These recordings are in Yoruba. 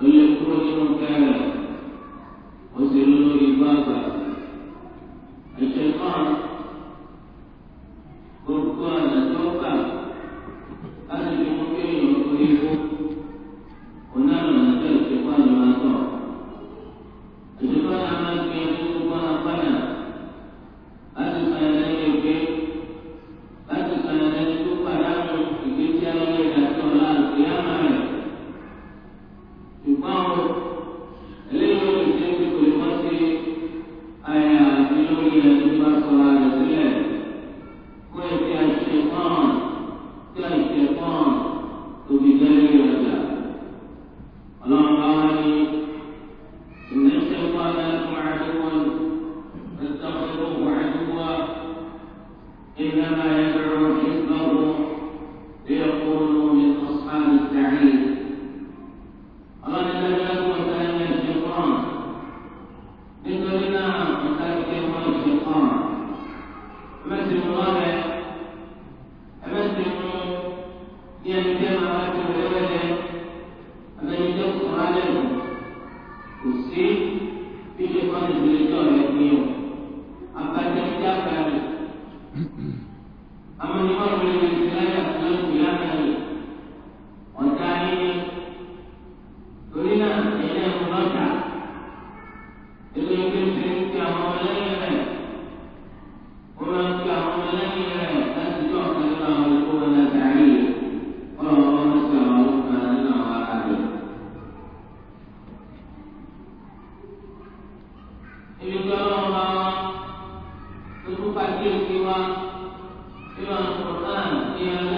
قيل Yeah.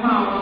power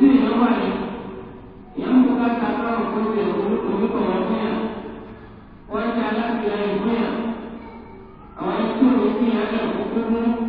sí ìyẹn wà ní ìyẹn ń bọ́ káta káwọn kó lè orúkọ wọn fún yà wọ́n ti alábìyàn ìfún yà àwọn ẹni tó lè fún yà lẹ́kọ̀ọ́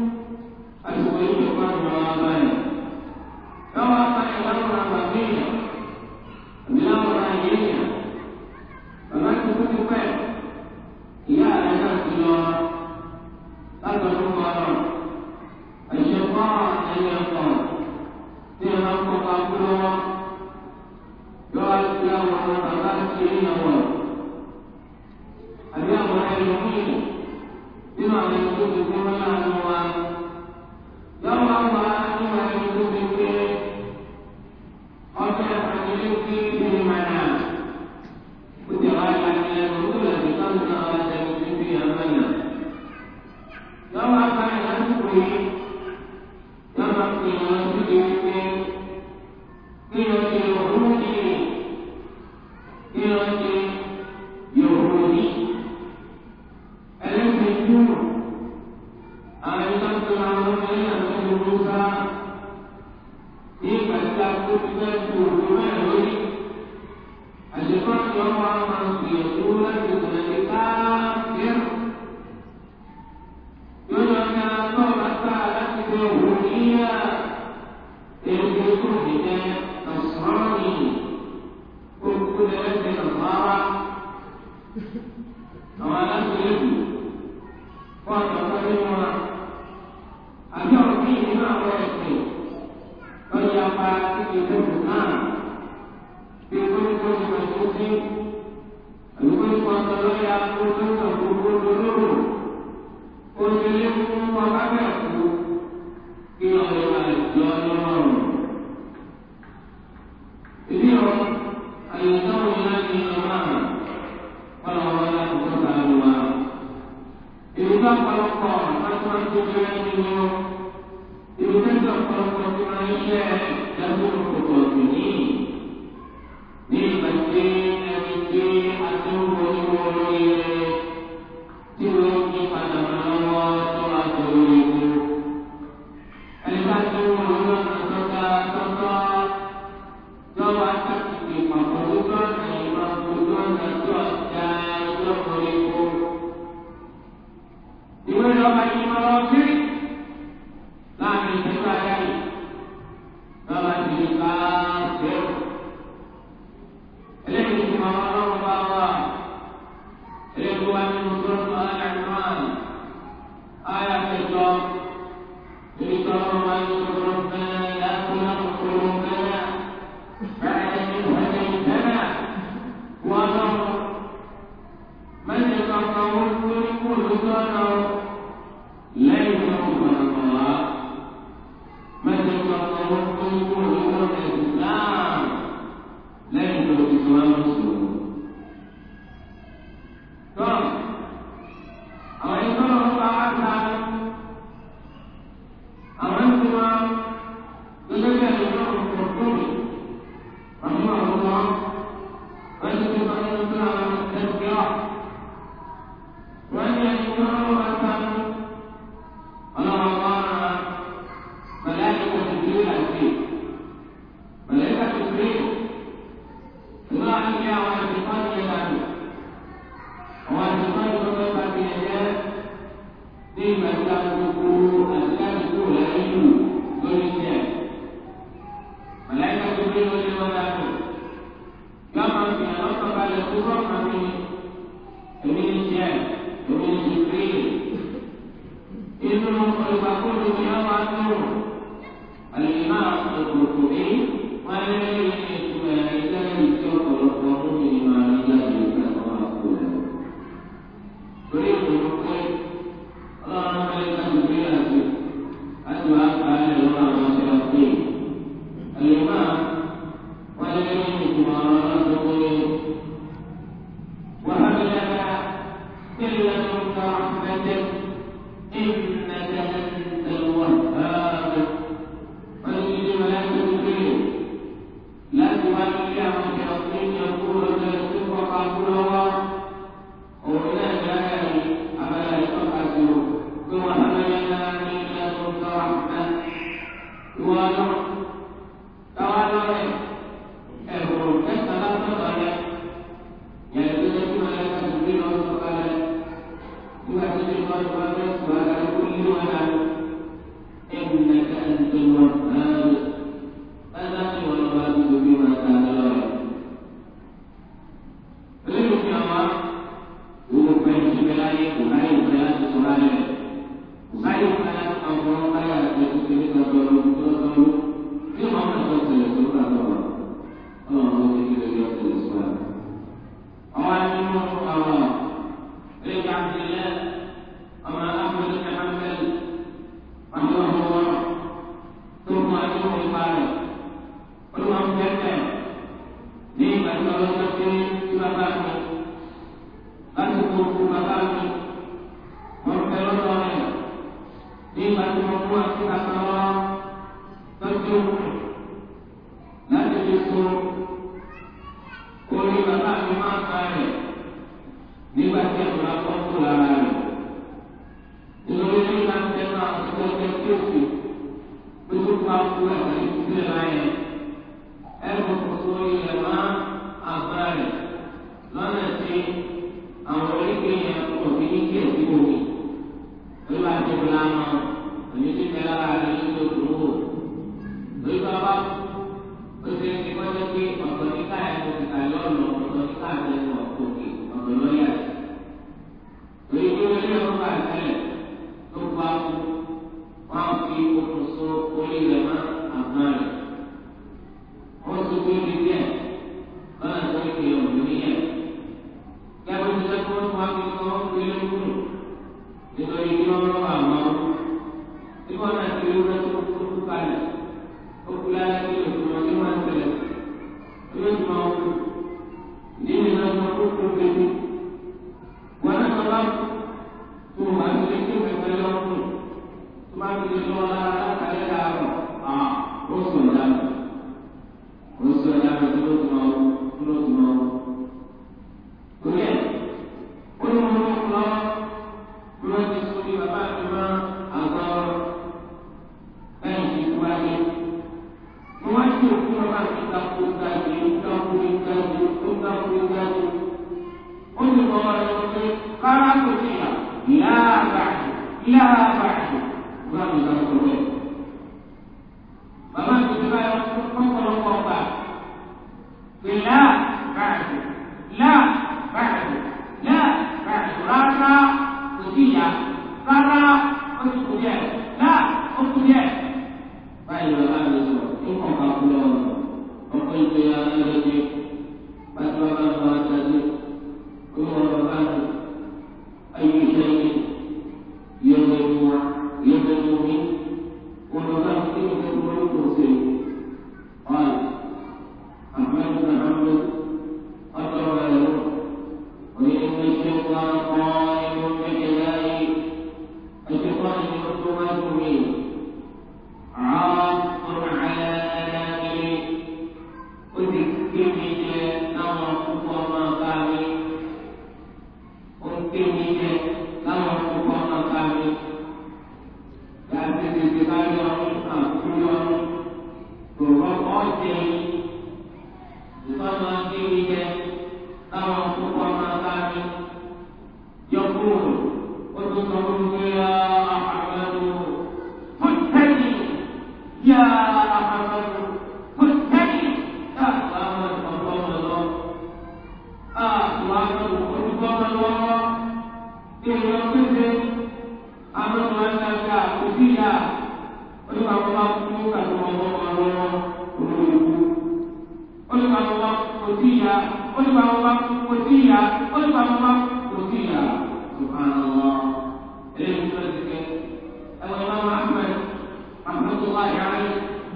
la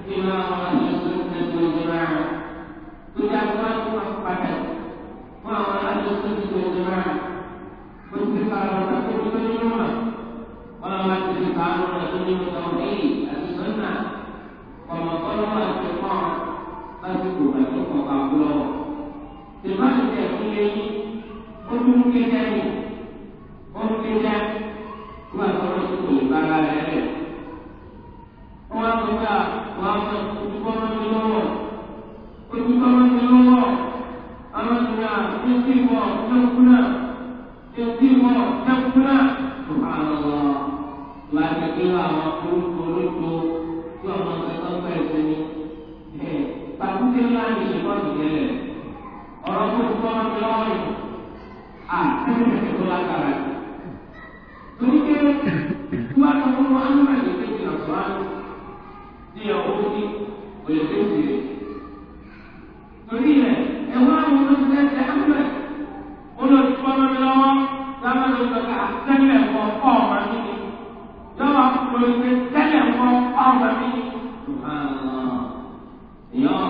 bima ahlu sunnah wal jamaah tó yá wá ní wá padà fún àwọn ahlu sunnah wal jamaah tó ti fa àwọn àti tó ní mímọ́ wọn àwọn àti ti fa àwọn àti ní mímọ́ èyí àti sọ́nà ọmọ ọlọ́wọ́ àti kọ́ nígbà wàá sọ ojúkọ́ máa ń di lọ́wọ́ ojúkọ́ máa ń di lọ́wọ́ àwọn ìgbà ní sí ìwọ̀ lẹ́kúnà ní sí ìwọ̀ lẹ́kúnà tó bá lọ lọ láti gbé àwọn orúkọ orúkọ tí ọmọ ọ̀sán bẹ̀rẹ̀ sí ni ẹ̀ pàkúté ní ìṣẹ̀kọ́ ìjẹ́lẹ̀ ọ̀rọ̀ tó lọ́wọ́ yìí à tó lágbára torí pé wọ́n á sọ wọn á ń bẹ̀rẹ̀ sí ìjìnà sọ́ọ́ ní ìyàwó ní òye fèsì rẹ̀. torí rẹ̀ ẹ̀wọ́n àwọn olóṣèlú ẹ̀hánbẹ̀ olóṣèlú lábàlú ìjọba àtẹ́lẹ̀ ẹ̀kọ́ ọ̀mà mi ni lọ́wọ́ àkùkọ ìgbẹ́ tẹ́lẹ̀ ẹ̀kọ́ ọ̀mà mi ni. ìyọ́n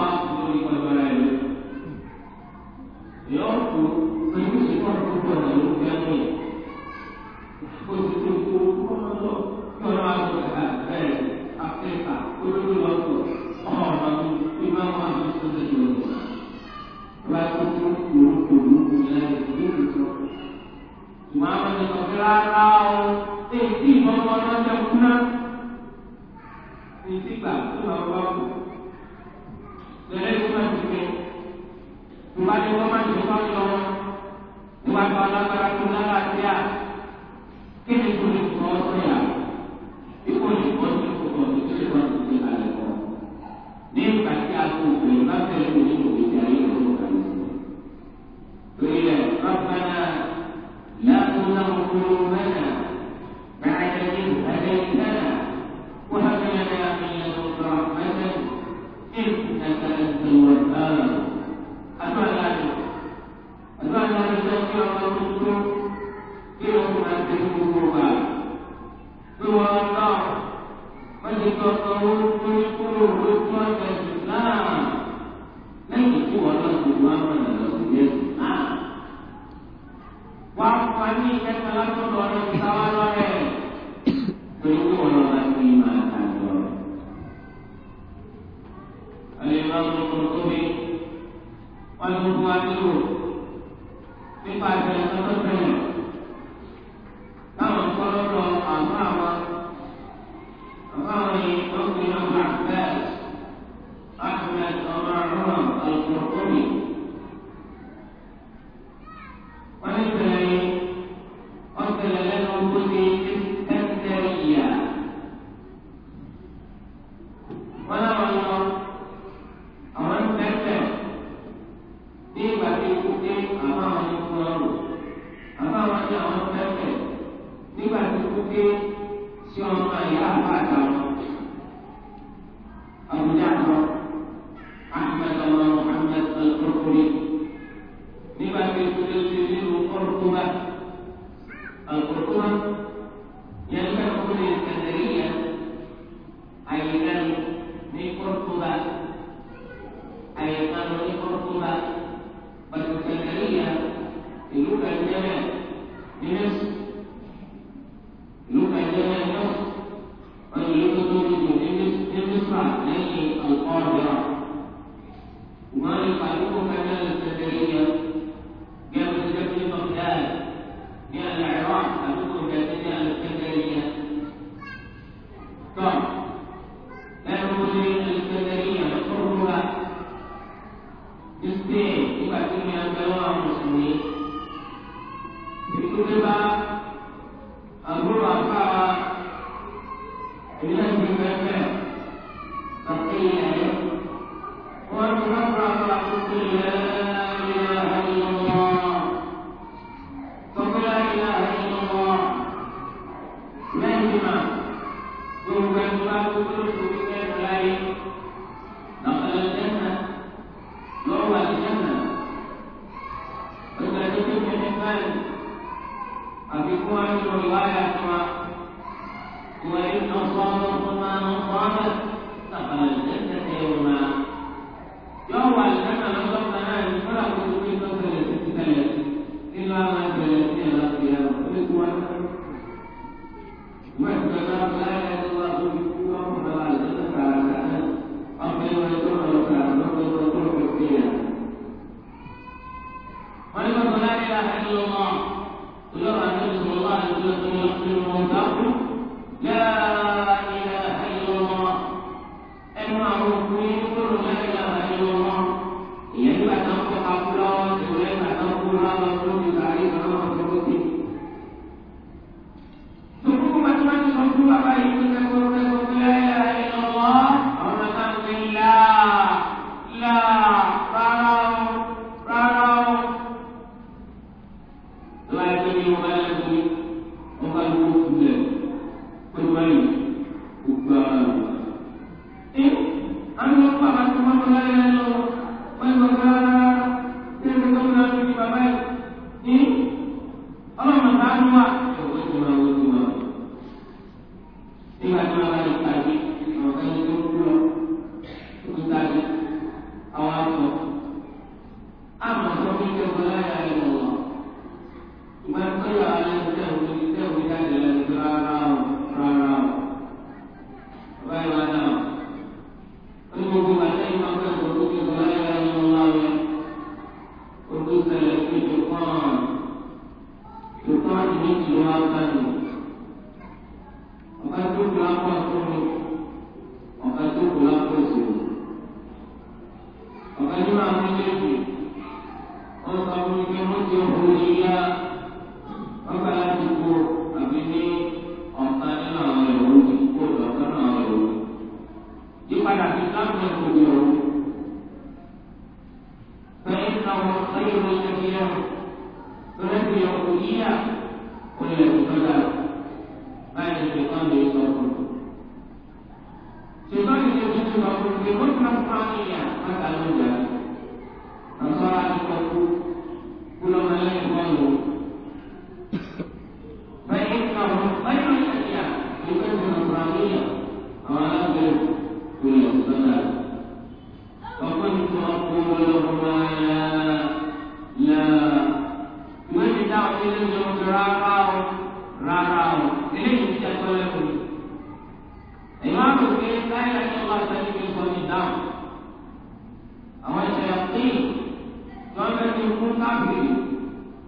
sabi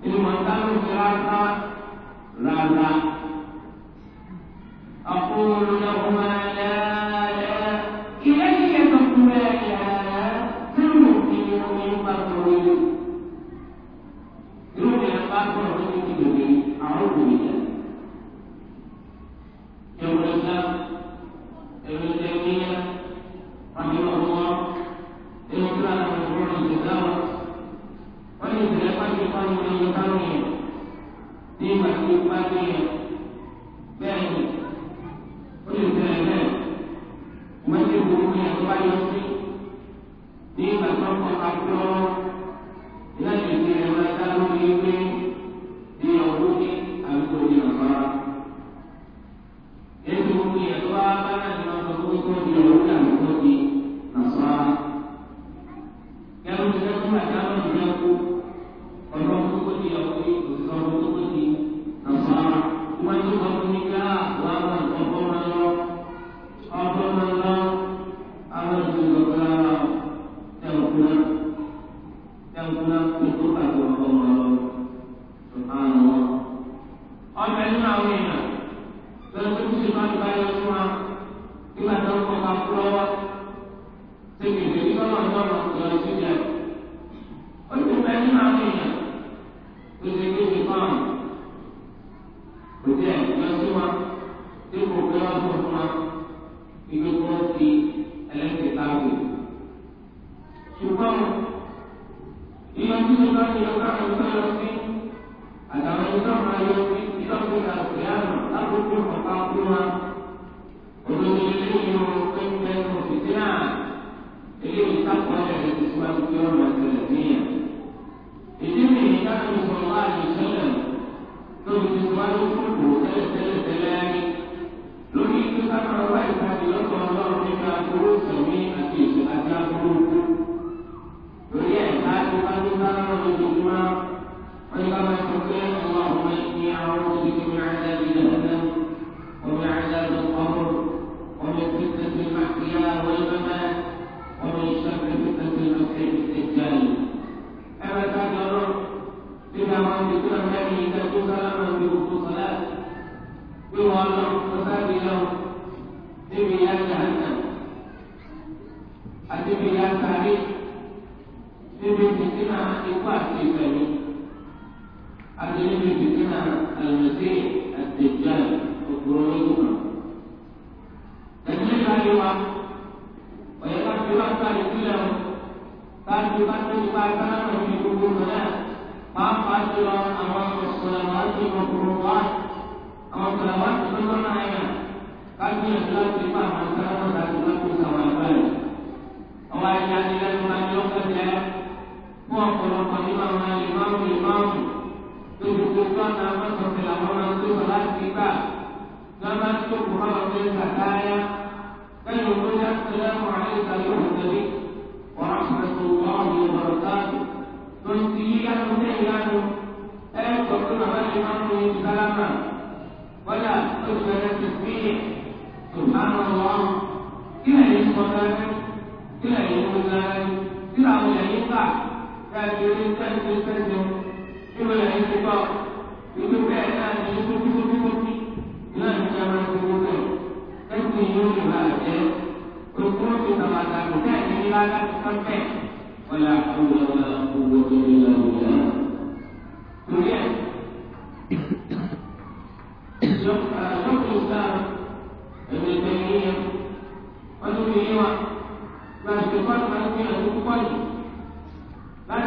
ilmantan syarata rada aku lu yang أن من سمع يوم القيامة أرجو مقامها gan-an nínú àwọn èèyàn yín kà láti orí sẹ́ńtì nínú èèyàn yín ti bẹ́ẹ̀ náà ní ìlú kíkó náà ní ìjọba gbogbo bẹ́ẹ̀ sẹ́ńtì yóò lè bá a jẹ́ gbogbo ti tàbàtà kò bẹ́ẹ̀ ní ilá láti kọ́ bẹ́ẹ̀ wọ́n lè àkójọ náà gbogbo tó ní ìlànà ìlànà.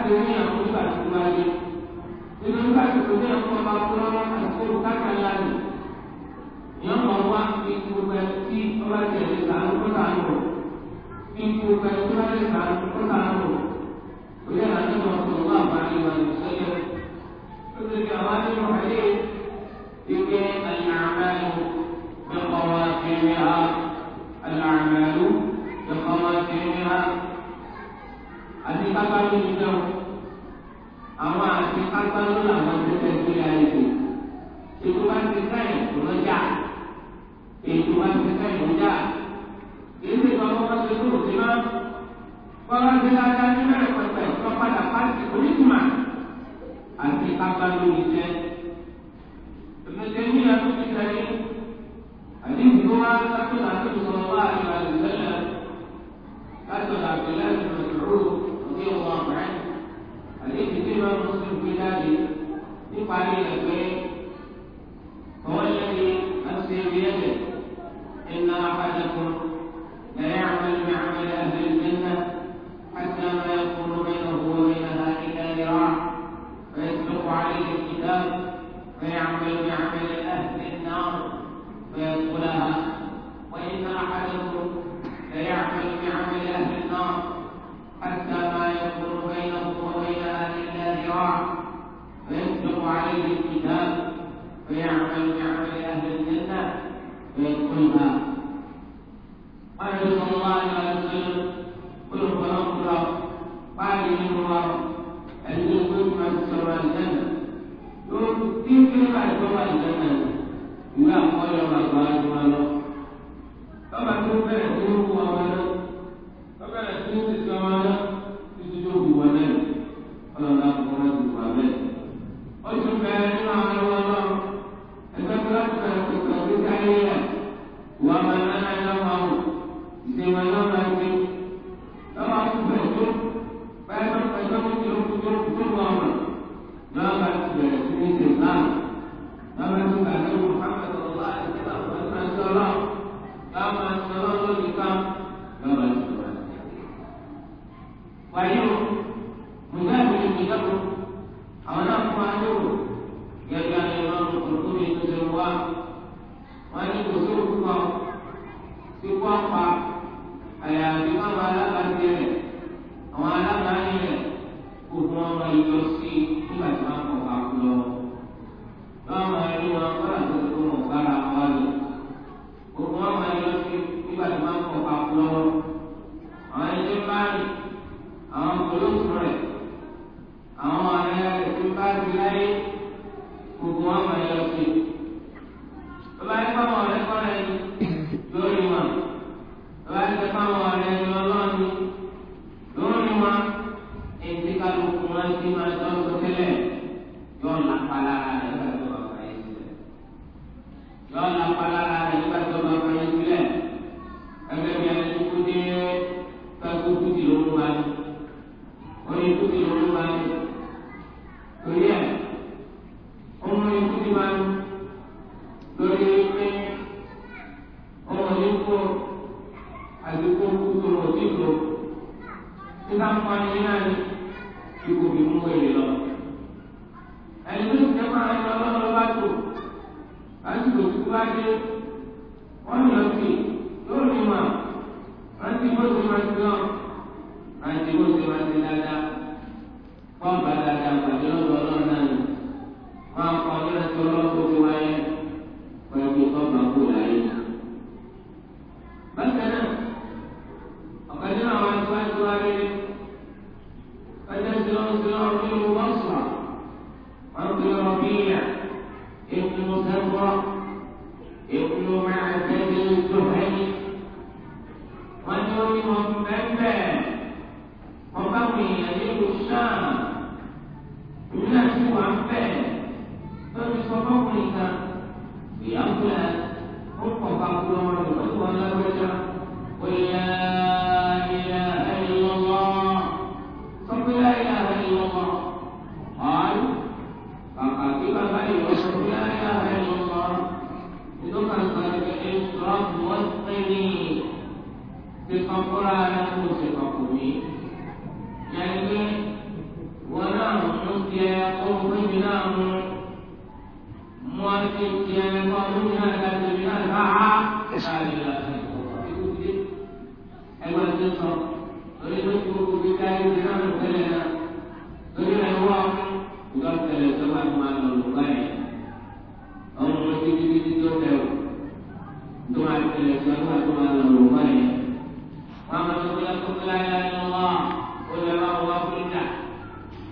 ti orí àwọn nígbà tó wá yé nínú nígbà tó kò ní àwọn ọba tó lọ́wọ́ àti olùkàkà ńlá nì yọ̀ọ́ mọ̀ wá ikú ọgbẹ tí ọba tẹ̀lé sàánú kó sàánú rò ikú ọgbẹ tí ọba tẹ̀lé sàánú kó sàánú rò òye àti wọn sọ wọn àbá ìwà ìṣẹ̀lẹ̀ ó ti di àwọn nínú ayé ike àyàmẹ́lú ẹ̀kọ́ ẹ̀kọ́ wa kiri àti pápá nínú náà àwọn àti pápá nínú àwọn tó fẹ́ gbé ayé tó ètò bá ti sáyẹn tó lọ jà ètò bá ti sáyẹn tó jà èyí tó bá wọn ṣe tó lòdì máa wọn bá ti dáadáa ní mẹ́rin pẹ̀pẹ̀ tó padà pàṣẹ onígbìmọ̀ àti pápá nínú jẹ́ ẹ̀mẹ́tẹ́ni àti ìtẹ́ni àti ìdúró wa látọ̀dọ̀ àti ìsọ̀rọ̀ wa àti ìbàdàn sẹ́lẹ̀ látọ̀dọ̀ àbẹ̀lẹ́ ìrọ̀lẹ́ رضي الله عنه àdéhùn tí ìmọ̀ mùsùlùmí gbé jáde nípa ní ẹgbẹ́ wọ́n lé ní àti ẹbí ẹ̀jẹ̀ iná àjẹkùn lẹ́yìn àwọn ẹ̀mí àwọn ẹ̀jẹ̀ ìgbẹ́ná àti àwọn ẹ̀kọ́ lórí ẹ̀kọ́ lórí ẹ̀kọ́.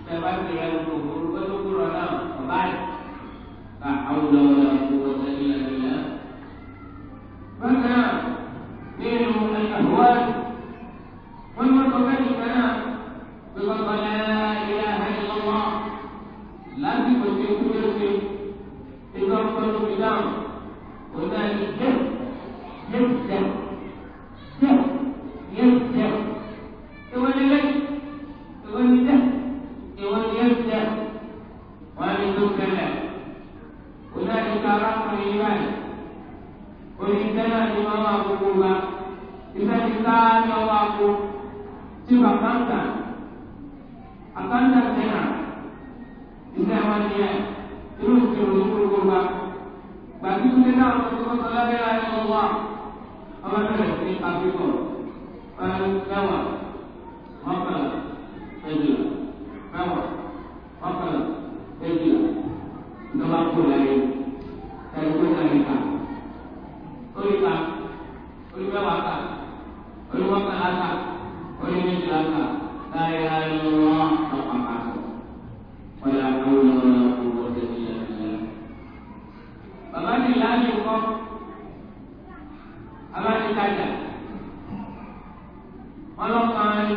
Gracias. لا حول ولا قوة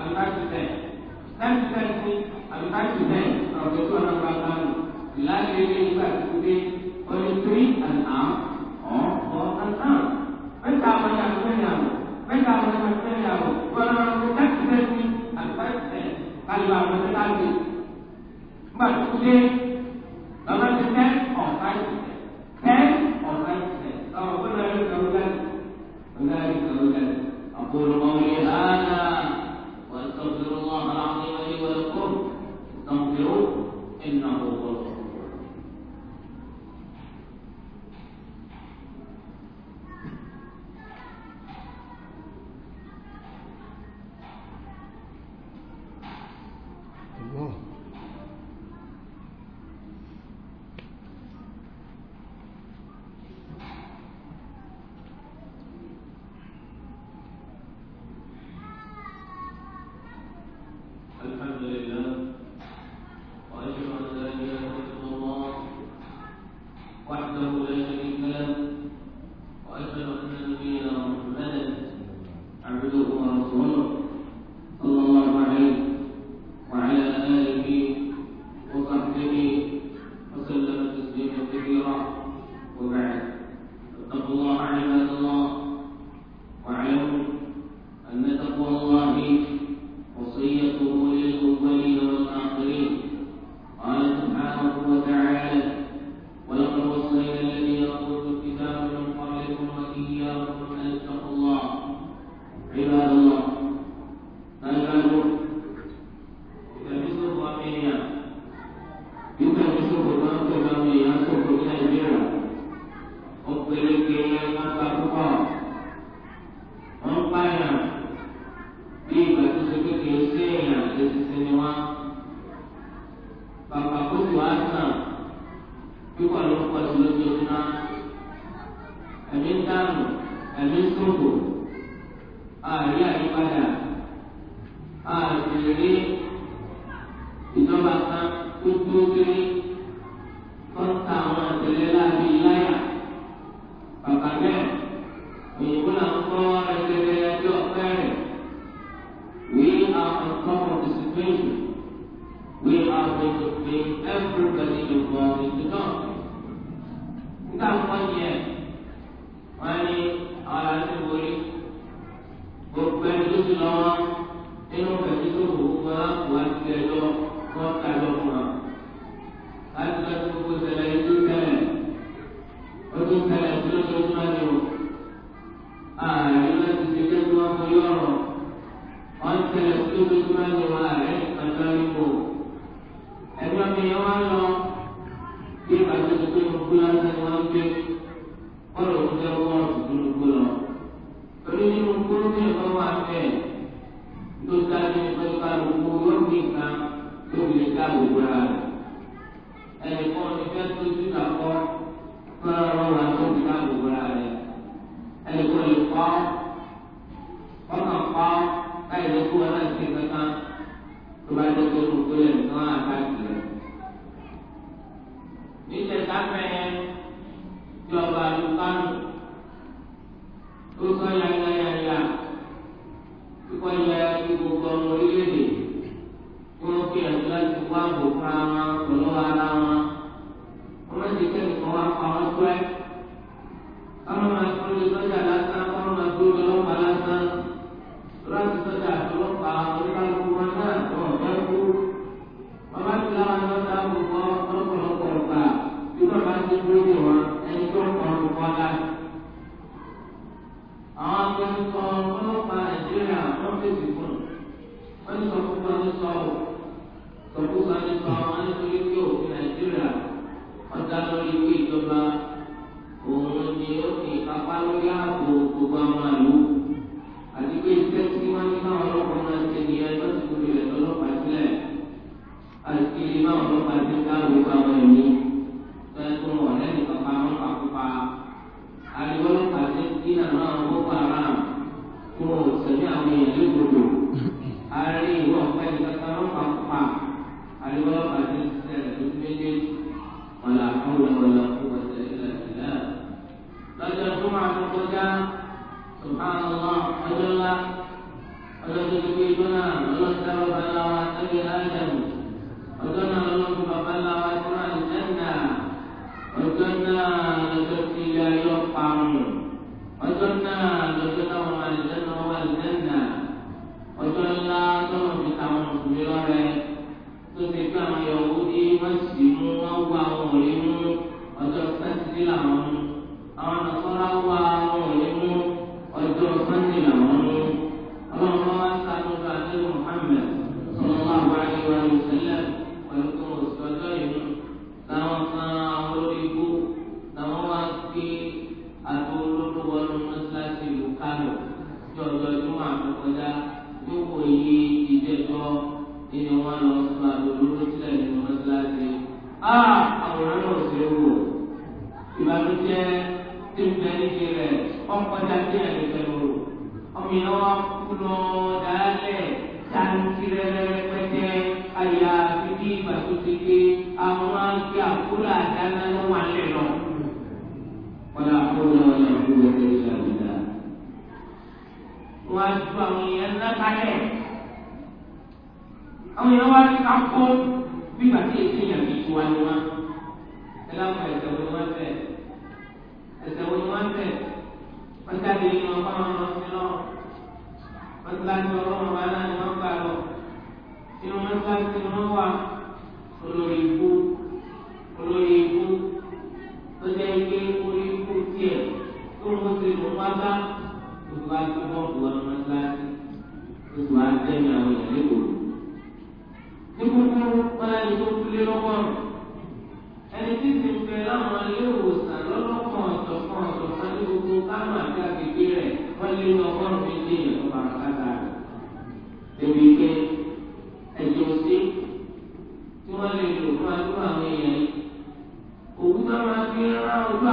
Al-Imam Hussein Sam Sanzi Al-Imam Hussein Rp. 2 orang perangkan Lagi lebat kubi Penitri An'am Oh, oh An'am Pertama yang kenyam Pertama yang kenyam Orang-orang kutak sesuatu Al-Imam Hussein Kalimah Masa Tadi Mas Kudin Lama Hussein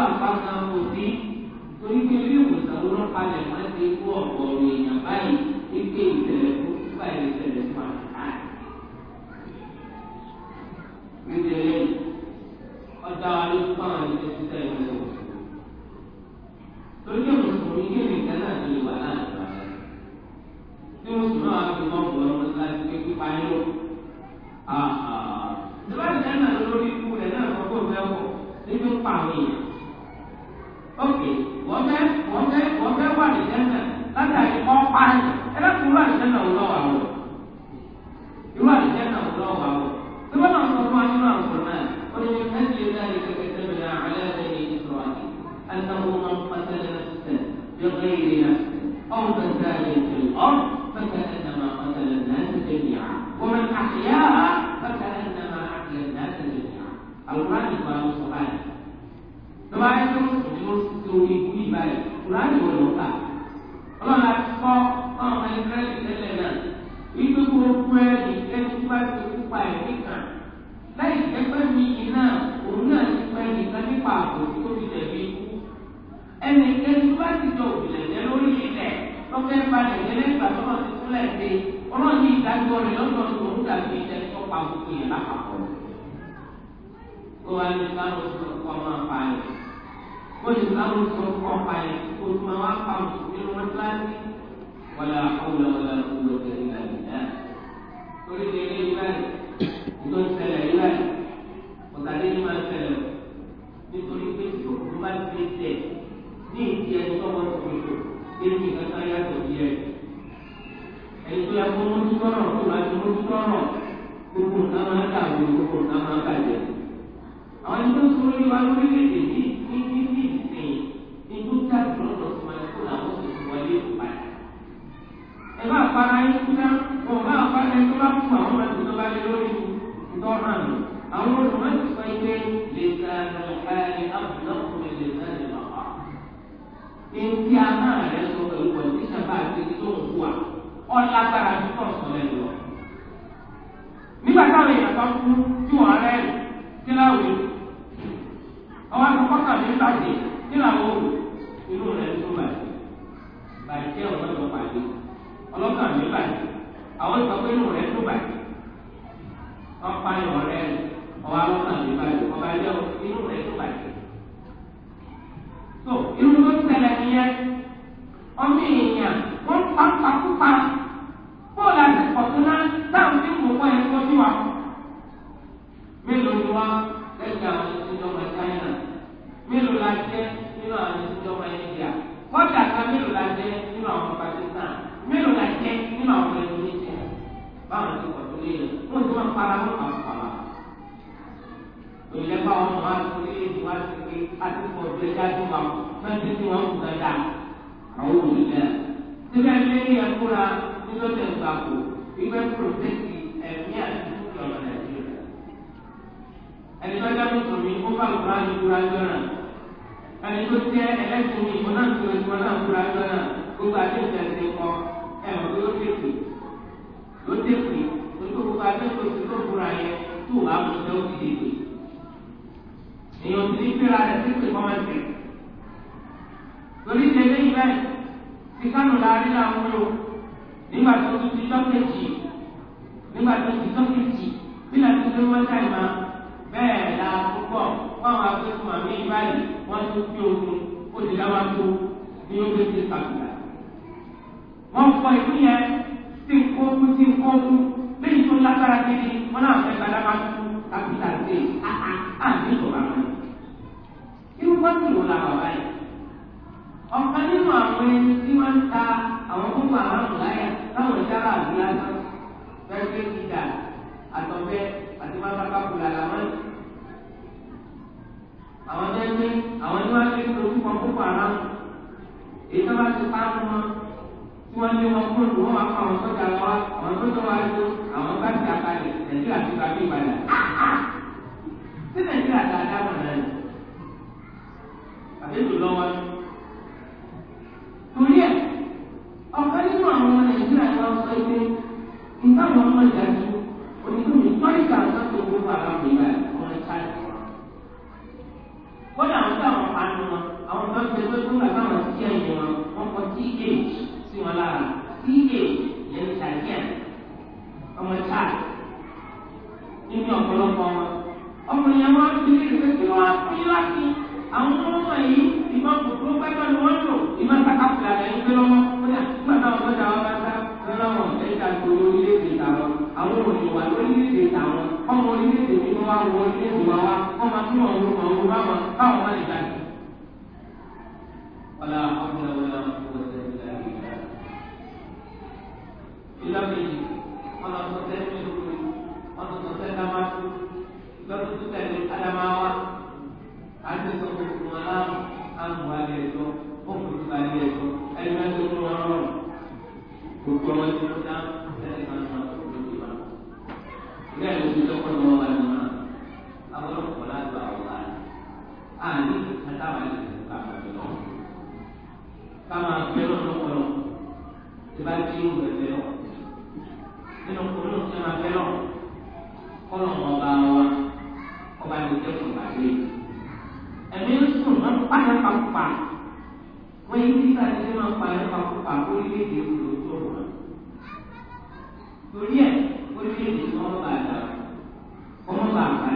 àpáta òfin torí pé bí ìwòsàn ló palẹ̀ máa ti kú ọ̀gọ̀ọ̀rọ̀ èèyàn báyìí wípé ìṣẹ̀lẹ̀ fún fúpa ìṣẹ̀lẹ̀ fún àtàkàn. nítorí ọjà wa fún àwọn ìṣẹ̀lẹ̀ títẹ̀ ìwé wò. torí pé mùsùlùmí kí nìkan náà ti wà láàbà. tí mùsùlùmí àwọn fi mọ́ bọ̀ ọ́n láti pé pípa yóò. ìjọba ìjọba náà lórí ikú rẹ̀ náà kọ́kọ́ fẹ́ nínú pàmì yẹn. ókè wọ́n fẹ́ wọ́n fẹ́ wọ́n fẹ́ wà ní jẹ́nà látàrí kọ́ pààyàn ẹlẹ́kùn wà ní jẹ́nà òun lọ́wọ́ àwọ̀ irú àti jẹ́nà òun lọ́wọ́ àwọ̀ tí wọ́n náà sọ fún anínú àwòrán náà wọ́n ní wọ́n ti lé láyé kẹ́kẹ́ sẹ́mi náà alẹ́ ẹ̀yẹ ìṣòro àti ẹ̀sánwó máa ń pàṣẹ lẹ́sẹ̀ yọ̀gbẹ́ ìrìnà ọ̀hún tẹ̀sán ẹ̀yẹ فكأنما قتل الناس جميعا ومن أحياها فكأنما أحيا الناس جميعا القرآن يقول سبحانه lọ́ba yẹn tó ní wọ́n ti orí ikú ìgbà yìí kùránì wọ̀ lọ́ta ọlọ́run la kọ́ ọmọ ìsirẹ́lì tẹ́lẹ̀ náà wípé kó o kú ẹ ìkẹ́ni tó bá ti kú pa ẹ̀mí kan láì ẹgbẹ́ mi yìí náà òun náà ti pẹ́ nìkan nípa àbò tó fi tẹ̀lé ikú ẹnìkẹ́ni tó bá ti jọ òbílẹ̀ jẹ́ lórí ilẹ̀ lọ́kẹ́ balẹ̀ jẹ́ lẹ́gbàá tó lọ́ ti kú lẹ́ẹ̀dẹ́ ọlọ́run ní ìdájọ́ rẹ̀ lọ́dọọdún òun dàbí ìtẹ́sọ́pà gbogbo yẹn lápapọ̀ kó wá ní sáwọn oṣù tó kọ́ máa pa yẹn kó ní sáwọn oṣù tó kọ́ pa yẹn kó tó máa wá pa oṣù nínú wọn kíláàsì wàlà àkọọ́lẹ̀ wàlà àkọọ́lẹ̀ tẹ̀lé ìlànà ìdá torí ní ilé ìgbà yìí ìtọ́ ìṣẹ̀lẹ̀ ìgbà yìí ọ̀tàdé ni máa ń ṣẹlẹ̀ nítorí pé ìṣòro bá ti tẹ̀ ní ìdí ẹni tó wọ́n ti fi lórí ìkàtà yàtọ̀ bí ẹ. ẹni tó yà kó mójútó náà kó máa ti mójútó náà gbogbo nǹkan máa dàbò gbogbo nǹkan máa àwọn ẹni tó ń sọ yìí wá lórí èdè yìí ní ní ní ìsìn ní tó jáde lọ́dọ̀ sí wọn kó làwọn sì ti wọlé ìpàdé. ẹ bá para yín kúná wọn bá para yín tó bá kú àwọn ọmọ ẹni tó bá lé lórí ìtọ́ràn mi àwọn olùmọ̀ ti sọ pé lè sa ẹ̀rọ àbùdá ọkùnrin lè sa ẹ̀rọ bàbá. ní ti àná rẹ̀ sọ pẹ̀lú pọ̀lítíṣà bá a ti tó ń kú wa ọ̀ orílẹ̀-èdè wa ti pé àtúntò ọ̀dọ́ ẹ̀ka tó wà wọ́n máa ń tẹ́tí wọn kù dáadáa àwọn olùdílé. Nígbà tí ẹni ẹ̀kúra nítorí ẹ̀gbà kò ìgbẹ́ pòròtẹ́tì ẹ̀mí àti ìdúkìá ọ̀rọ̀ Nàìjíríà. Ẹni tó jẹ́ mùsùlùmí ó bá kúrò àti kúrò àjọ náà. Ẹni tó jẹ́ ẹlẹ́sìn mi ìbọn náà kúrò ìbọn náà kúrò àjọ náà gbogbo àti ìtẹ̀sẹ̀ kọ ẹ̀rọ tó ló tẹ̀kù. Ló tẹ̀kù nítorí gbogbo àti ìtẹ̀sẹ̀ tó kúrò àyẹ tó wà á mú èyí ò ti ní fíra rẹ̀ sí pé kọ́mọ̀ sí. torí ṣe léyìn bẹ́ẹ̀ ti kánò láàrin làwọn lò nígbà tó tún ti tọ́kẹ̀jì nígbà tó ti tọ́kẹ̀jì bí láti tó wọ́n ṣàìmá bẹ́ẹ̀ la púpọ̀ fáwọn akẹ́kọ̀ọ́ àmì ìbáyìí wọ́n tún fi ogun ó ti dáwà tó ní ó lè ti sàkùnà. wọ́n kọ ìpín yẹn tí ń tí ń kó kú léyìn lágbára kiri wọ́n náà fẹ́ gbàdámà tó kápítà gbé àhà àti ìṣòro àwọn ẹ̀. irú pọ́ńtìlù la bàbá yìí. ọ̀kan nínú àwọn ẹni tí wọ́n ń ta àwọn gbogbo àwọn àmúláyà táwọn ìjára àbúlá náà fẹ́ẹ́ gíga àtọ̀fẹ́ àti mákàkà kùlà làwọn ẹ̀. àwọn tẹ́lẹ̀ àwọn níwájú ìṣòro fún ọkọ̀ àwọn èyí tó bá ti pa á fún wọn tí wọ́n lé wọn kúrò ní wọ́n máa fa àwọn sọ́jà lọ́wọ́ àwọn sọ́jà wa ló àwọn bá ti àkàlẹ̀ nàìjíríà ti gbàgbé ìbàdàn. sí nàìjíríà dáadáa mọ̀ náà ni àbẹ́tò lọ́wọ́ torí ẹ̀ ọ̀kan nínú àwọn nàìjíríà ni wọ́n sọ pé nígbà wọn mọ̀ ìdájú onídùúró pọ́ńtà sọ́tò gbogbo àwọn ọmọ ìgbà wọn ṣáà wọ́n dà wọ́n dà wọ́n pa wọn àwọn tó ń ṣe pé sí wọn lára sílè yẹn ṣàjẹ́ ọmọ ṣáà nínú ọ̀pọ̀lọpọ̀ wọn. ọkùnrin yẹn wọn ti rí pé kí wọn pín láti àwọn ọmọ yìí ìmọ̀ kòkòrò pẹ́pẹ́ ni wọ́n lò ìmọ̀ sàkàfùlà lẹ́yìn pé lọ́wọ́ kódà nígbà táwọn bọ́dà wọn bá sá lọ́wọ́ ẹ̀ka tó orílẹ̀-èdè tàwọn àwọn òyìnbó wà lórílẹ̀-èdè tàwọn ọmọ orílẹ̀-èdè mi wá wọ orílẹ̀-èdè wa wá wọ́n máa tún ọ̀run kan wọ́n bá wọn káwọn má lè jáde. ọ̀la ọ̀gbìn ọ̀la ọ̀gbìn ọ̀la ìlà méjì ọ̀nà tó tẹ̀lé lóko ọ̀nà tó tẹ̀lé dama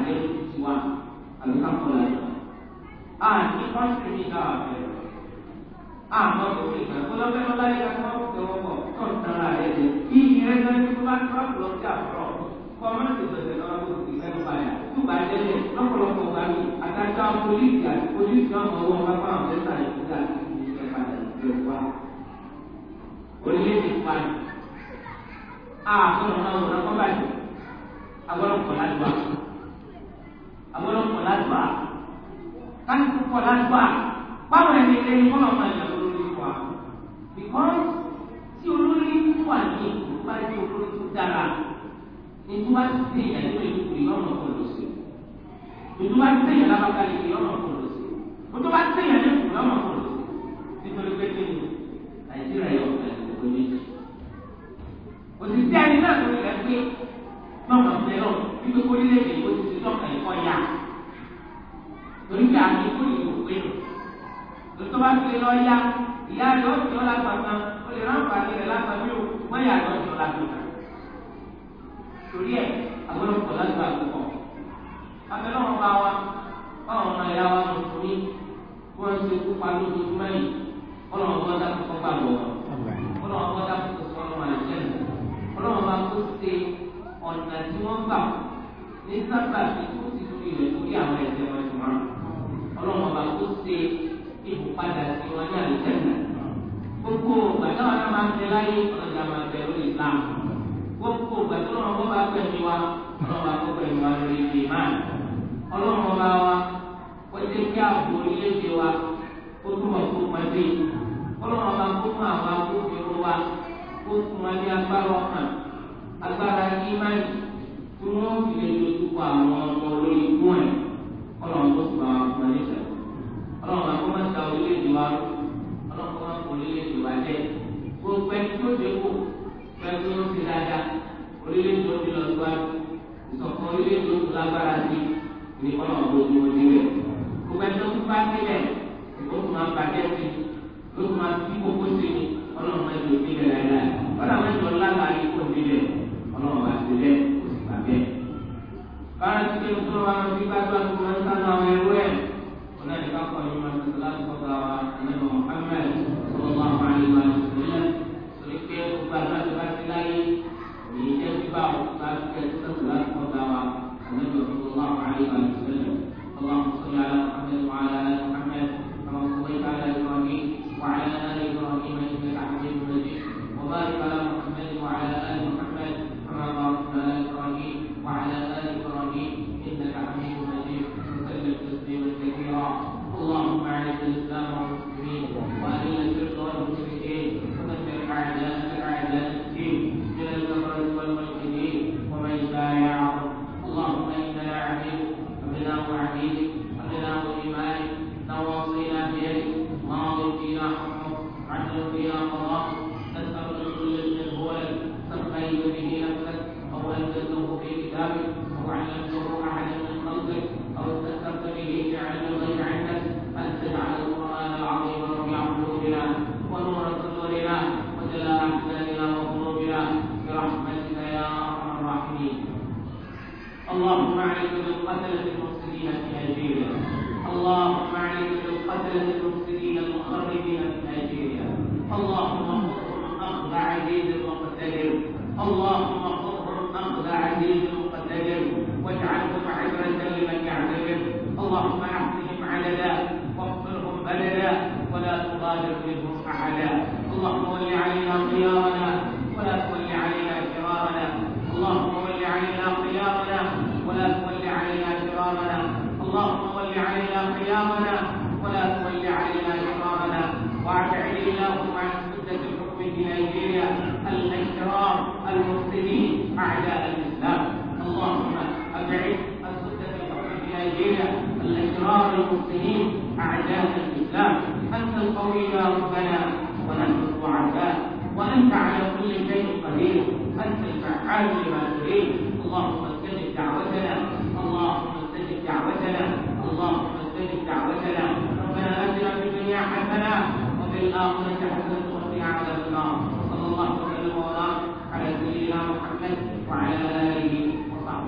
àlẹ́ tiwa àbí kápọ̀lá yìí. a ní pásítì mi ká wà bẹ̀rẹ̀ a mọ òkè kan kó lọ́fẹ́ lọ́lá yẹ ká wọ́n fẹ́ wọ́n bọ̀ tó ń tara rẹ̀ jẹ iyì rẹ̀ lọ ní kó bá tó a lọ sí àbúrò kó ọmọ não bẹ̀rẹ̀ lọ́wọ́ kó ti fẹ́ bá yà tó bá não lẹ̀ lọ́pọ̀lọpọ̀ wà ní àtàkà polisi àti polisi ọmọ não wá fún àwọn ẹ̀sà ìfúdà àti ìfẹ́ padà ìfẹ́ wá. orílẹ̀-èdè pa àkọ́nà náà wọ́n lọ́kọ́ bàjẹ́ agbọ́dọ̀ kọ̀ láti wá àwọn ọkọ̀ ládùá kálukú kọ̀ ládùá báwo ẹni lé ní kọ́nà máa yàn lórí wa because tí olórí wà ní ìlú bá ní olórí tó dára ní tó bá ti sèyà nínú ìlú kò yọ ọ̀nà kọlọ̀ sí ní tó bá ti sèyà lábàkàlẹ̀ kò yọ ọ̀nà kọlọ̀ sí ní tó bá ti sèyà nínú kò yọ ọ̀nà kọlọ̀ sí nítorí pé kí ni nàìjíríà yọ ọ̀nà ìlú kò ní. òsì máma tẹ náà wípé kó lílé ìdìbò ti ti tọ́ka ẹ̀kọ́ yá torí pé àmì kó lè kó pé lọ́tọ́ bá ti lè lọ yá ìyá rẹ̀ ó ti ọ̀la gbàgbà ó lè ráńpà ní rẹ̀ lágbà mí o wọ́n yà lọ́ ti ọ̀la gbàgbà torí ẹ̀ àgbọ̀dọ̀ pọ̀ lágbà àgbọ̀ abẹ́lẹ́wọ̀n bá wa báwọn ọmọ ìyá wa mùsùlùmí bí wọ́n ṣe kópa lójoojúmọ́ yìí wọ́n lọ́wọ́ bọ́dá gbàgbọ́ wọ́n bá kó ṣe ọ̀nà tí wọ́n gbà ní sábà tí ó ti fi rẹ̀ lórí àwọn ẹ̀sẹ̀ wọn jù wọn. ọlọ́run ọba tó ṣe ìbùpadà sí wọn ní àlùjẹ́nà. gbogbo ògbà táwọn náà máa ń tẹ láyé ọ̀nà máa bẹ̀ lórí Islam. gbogbo ògbà tó lọ́wọ́ bọ́ bá pẹ̀lú wa ọlọ́run bá gbọ́ pẹ̀lú wa lórí ìdè máa. ọlọ́run ọba wa wọ́n ti kí àpò orílẹ̀-èdè wa ó túbọ̀ tó pàdé. ọlọ́run ọba kó fún àwọn agbófinró wa kó fún wa ní agbára ọkàn agbára ìmáyì tí wọ́n fi lè dojú kọ àwọn ọmọ olórí gún ẹ̀ ọlọ́run tó sì máa fún ẹ níṣẹ́ ọlọ́run máa kó máa ta orílẹ̀-èdè wa ọlọ́run máa kó orílẹ̀-èdè wa jẹ́ gbogbo ẹni tí ó dé kù pẹ̀lú ó ti dáadáa orílẹ̀-èdè ó ti lọ síwájú ìsọ̀kan orílẹ̀-èdè ó ti lágbára sí ní ọlọ́run tó ti wọlé rẹ̀ gbogbo ẹni tó tún bá sílẹ̀ ó tún máa bàjẹ́ sí ó tún máa fi gbogbo sí ọlọ́run máa ń lò sílẹ̀ láìláì ọlọ́run máa ń lò lágbàá ọlọ́run bá ti lẹ́ kò sì gbà bẹ́ẹ̀. bára ti kéwòn tó wà ní kájú àti wọn sánú àwọn ẹrú ẹ̀ wọn náà ní ká kọ́ ẹ̀yìn máa tẹ̀sán láti kọ́ ta wa ẹ̀nẹ́bọ̀ Muhammad sọlọ́mọ àwọn àlejò àlùsílẹ̀ torí pé gbogbo àgbàdo bá ti láyé èyí jẹ́ bíbá wọn láti tẹ̀sán láti kọ́ ta wa ẹ̀nẹ́bọ̀ sọlọ́mọ àwọn àlejò àlùsílẹ̀ اللهم صل على محمد وعلى ال محمد كما صليت على ابراهيم وعلى ال ابراهيم انك حميد مجيد وبارك على محمد وعلى ال محمد ربنا ربنا إبراهيم وعلى آل إبراهيم